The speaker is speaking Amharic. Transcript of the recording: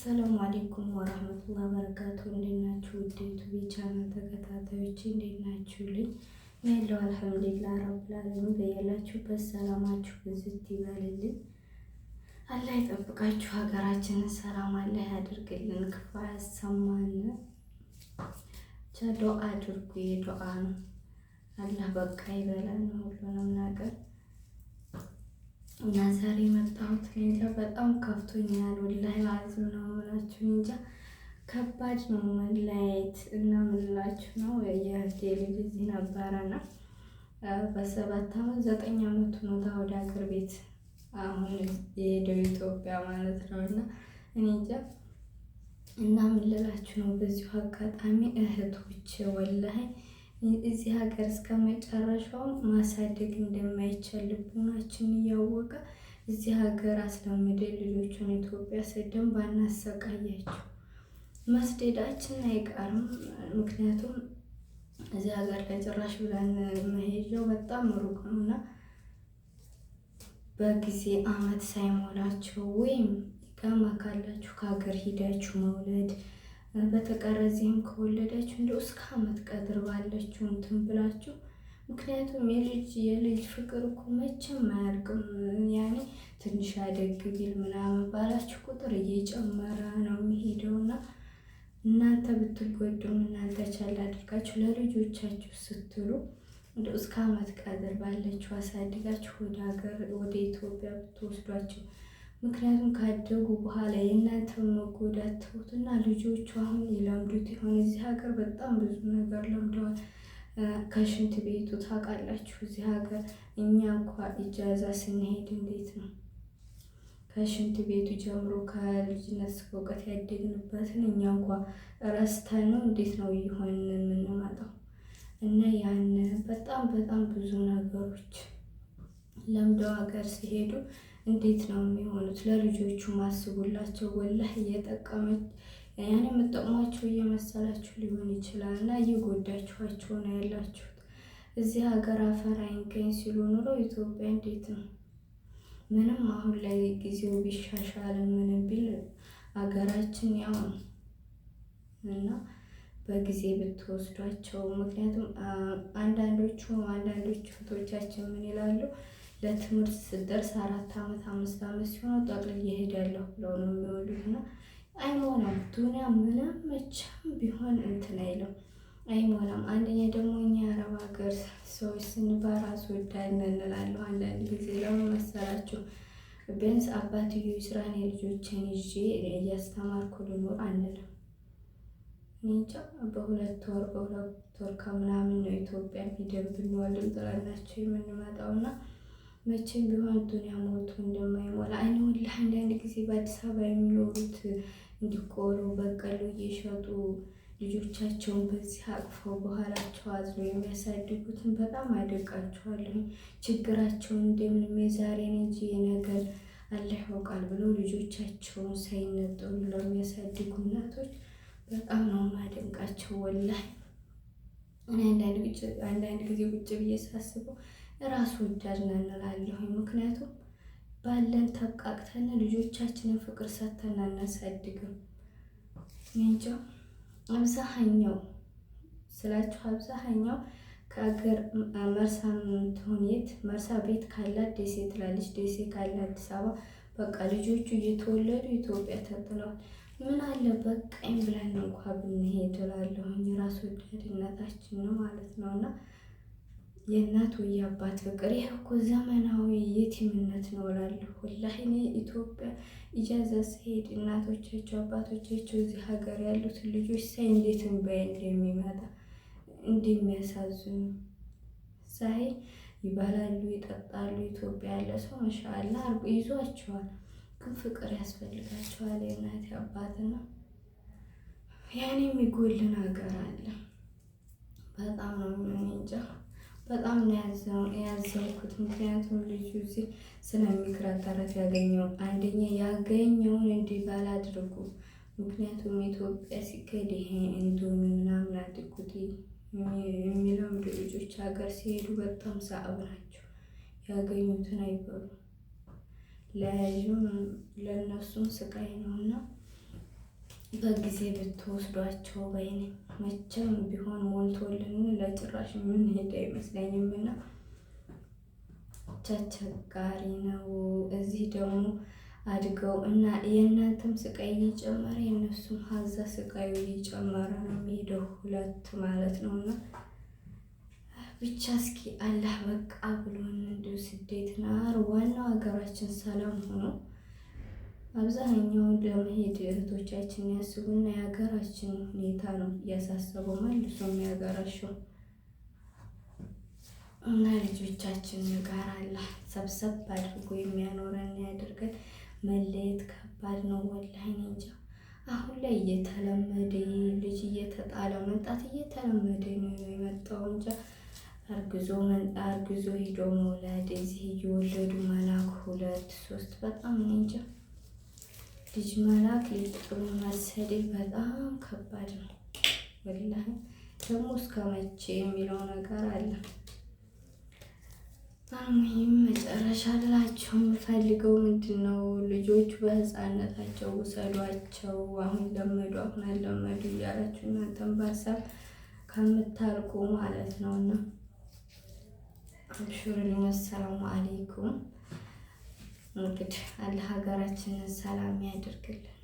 አሰላሙ አሌይኩም ወረህመቱላ በረካቱ። እንዴት ናችሁ? ውዴቱ የቻናል ተከታታዮች እንዴት ናችሁልኝ? ያለው አልሐምዱሊላ ረብልዓለሚን። በያላችሁበት ሰላማችሁ ብዝት ይበልልኝ፣ አላህ ይጠብቃችሁ። ሀገራችንን ሰላም አላህ ያድርግልን፣ ክፉ ያሰማን። ብቻ ዶአ አድርጉ፣ የዶአ ነው። አላህ በቃ ይበላል ሁሉንም ነገር እና ዛሬ የመጣሁት እንጃ በጣም ከፍቶኛል ወላሂ ማለት ነው ምላችሁ እንጃ ከባድ ነው መለያየት እና የምንላችሁ ነው የእህቴ ልጅ እዚህ ነበረና በሰባት አመት ዘጠኝ አመቱ ነው ታወደ ሀገር ቤት አሁን የሄደው ኢትዮጵያ ማለት ነው እና እኔ እንጃ እና ምን ነው በዚሁ አጋጣሚ እህቶች ወላሂ እዚህ ሀገር እስከ መጨረሻው ማሳደግ እንደማይቻል ልቡናችን እያወቀ እዚህ ሀገር አስለምደ ልጆቹን ኢትዮጵያ ሰደን ባናሰቃያቸው መስደዳችን አይቀርም። ምክንያቱም እዚህ ሀገር ላይ ጭራሽ ብለን መሄጃው በጣም ሩቅ እና በጊዜ አመት ሳይሞላቸው ወይም ኢቃማ ካላችሁ ከሀገር ሂዳችሁ መውለድ በተቀረ እዚህም እንደ እስከ አመት ቀድር ባለችው እንትን ብላችሁ። ምክንያቱም የልጅ የልጅ ፍቅር እኮ መቼም አያርቅም። ያኔ ትንሽ አደግ ቢል ምናምን ባላችሁ ቁጥር እየጨመረ ነው የሚሄደው የሚሄደውና እናንተ ብትጎዱም እናንተ ቻል አድርጋችሁ ለልጆቻችሁ ስትሉ እንደ እስከ አመት ቀድር ባለችው አሳድጋችሁ ወደ ሀገር ወደ ኢትዮጵያ ብትወስዷቸው ምክንያቱም ካደጉ በኋላ የእናንተ መጎዳት ተውትና ልጆቹ አሁን ይለምዱት ይሆን? እዚህ ሀገር በጣም ብዙ ነገር ለምደዋል። ከሽንት ቤቱ ታውቃላችሁ። እዚህ ሀገር እኛ እንኳ ኢጃዛ ስንሄድ እንዴት ነው ከሽንት ቤቱ ጀምሮ ከልጅነት እውቀት ያደግንበትን እኛ እንኳ ረስተን ነው እንዴት ነው እየሆንን የምንመጣው? እና ያን በጣም በጣም ብዙ ነገሮች ለምደው ሀገር ሲሄዱ እንዴት ነው የሚሆኑት? ለልጆቹ ማስቡላቸው። ወላህ እየጠቀመች ያን የምጠቅሟቸው እየመሰላችሁ ሊሆን ይችላል እና እየጎዳችኋቸው ነው ያላችሁት። እዚህ ሀገር አፈር አይንገኝ ሲሉ ኑሮ ኢትዮጵያ እንዴት ነው? ምንም አሁን ላይ ጊዜው ቢሻሻል ምንም ቢል ሀገራችን ያው ነው እና በጊዜ ብትወስዷቸው። ምክንያቱም አንዳንዶቹ አንዳንዶቹ እህቶቻችን ምን ይላሉ ለትምህርት ስደርስ አራት ዓመት አምስት ዓመት ሲሆን ጠቅልዬ እሄዳለሁ ብለው ነው የሚወሉት እና አይሞላም። ዱኒያ ምንም መቼም ቢሆን እንትን አይለው አይሞላም። አንደኛ ደግሞ እኛ አረብ ሀገር ሰዎች ስንባራስ ወዳድ ነን እንላለሁ። አንዳንድ ጊዜ ለምን መሰላችሁ? ቢያንስ አባትዮ ስራን የልጆችን ይዤ እያስተማርኩ ልኖር አንልም። እንጃ በሁለት ወር በሁለት ወር ከምናምን ነው ኢትዮጵያ ሂደን ብንወልም ጥረናቸው የምንመጣውና መቼም ቢሆን ዱንያ ሞልቶ እንደማይሞላ እኔ ወላሂ አንዳንድ ጊዜ በአዲስ አበባ የሚኖሩት እንዲቆሉ በቀሉ እየሸጡ ልጆቻቸውን በዚህ አቅፈው በኋላቸው አዝነው የሚያሳድጉትን በጣም አደንቃቸዋለሁ። ችግራቸውን እንደምንም የዛሬን እንጂ የነገን አላህ ያውቃል ብሎ ልጆቻቸውን ሳይነጠሉ ለሚያሳድጉ እናቶች በጣም ነው ማደንቃቸው። ወላሂ አንዳንድ ጊዜ ቁጭ ብዬ ሳስበው ራስ ወዳድ ነን እንላለሁ። ምክንያቱም ባለን ተብቃቅተን ልጆቻችንን ፍቅር ሰጥተን አናሳድግም። እንጃ አብዛሀኛው ስላችሁ አብዛሀኛው ከአገር መርሳ ሁኔት መርሳ ቤት ካላት ደሴ ትላለች፣ ደሴ ካላት አዲስ አበባ በቃ ልጆቹ እየተወለዱ ኢትዮጵያ ተጥለዋል። ምን አለ በቃኝ ብለን እንኳ ብንሄድ እላለሁኝ። ራስ ወዳድነታችን ነው ማለት ነው እና የእናት ወይ የአባት ፍቅር ይህ እኮ ዘመናዊ የቲምነት ነው እላለሁ። ወላሂ እኔ ኢትዮጵያ ኢጃዛ ስሄድ እናቶቻቸው አባቶቻቸው እዚህ ሀገር ያሉትን ልጆች ሳይ እንዴት እንባዬ እንደሚመጣ እንደሚያሳዝኑ ሳይ ይበላሉ፣ ይጠጣሉ። ኢትዮጵያ ያለ ሰው አርጎ ይዟቸዋል፣ ግን ፍቅር ያስፈልጋቸዋል። የእናት አባት አባትና ያኔ የሚጎልን ሀገር አለ በጣም ነው እንጃ በጣም ነው ያዘንኩት። ምክንያቱም ልጁ እዚህ ስለሚከራተት ያገኘው አንደኛ ያገኘውን እንዲባል አድርጉ። ምክንያቱም ኢትዮጵያ ሲካሄድ ይሄ እንዶሚ ምናምን አድርጉት የሚለው ልጆች ሀገር ሲሄዱ በጣም ሳዕብ ናቸው። ያገኙትን አይበሉ። ለያዩም ለእነሱም ስቃይ ነው እና በጊዜ ብትወስዷቸው በይነ መቼም ቢሆን ሞልቶልን ላይ ጭራሽ የምንሄድ አይመስለኝም እና ቸቸጋሪ ነው። እዚህ ደግሞ አድገው እና የእናንተም ስቃይ እየጨመረ የእነሱም ሀዛ ስቃዩ እየጨመረ ነው የሚሄደው ሁለት ማለት ነው እና ብቻ እስኪ አላህ በቃ ብሎን እንዲሁ ስደትና ናር ዋናው ሀገራችን ሰላም ሆኖ አብዛኛውን ለመሄድ እህቶቻችን ያስቡና የሀገራችን ሁኔታ ነው እያሳሰበው መልሶ የሚያገራሸው። እና ልጆቻችን ጋር አላህ ሰብሰብ አድርጎ የሚያኖረን ያድርገን። መለየት ከባድ ነው ወላሂ እንጃ። አሁን ላይ እየተለመደ ልጅ እየተጣለ መምጣት እየተለመደ ነው የመጣው እንጃ። አርግዞ አርግዞ ሂዶ መውለድ እዚህ እየወለዱ መላክ ሁለት ሶስት በጣም እንጃ። ልጅ መላክ ልጥሩ መሰደድ በጣም ከባድ ነው ወላሂ። ደግሞ እስከ መቼ የሚለው ነገር አለ አሜን። መጨረሻ ልላቸው የምፈልገው ምንድን ነው፣ ልጆቹ በህፃንነታቸው ውሰዷቸው። አሁን ለመዱ፣ አሁን አለመዱ እያላችሁ እናንተም በሀሳብ ከምታልቁ ማለት ነው እና አብሹሩልኝ። አሰላሙ አሌይኩም። እንግዲህ አለ ሀገራችንን ሰላም ያደርግልን።